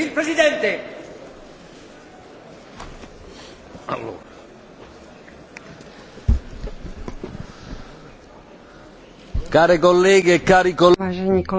Il Presidente! Allora. Care colleghe e cari colleghi.